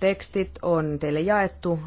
tekstit on teille jaettu.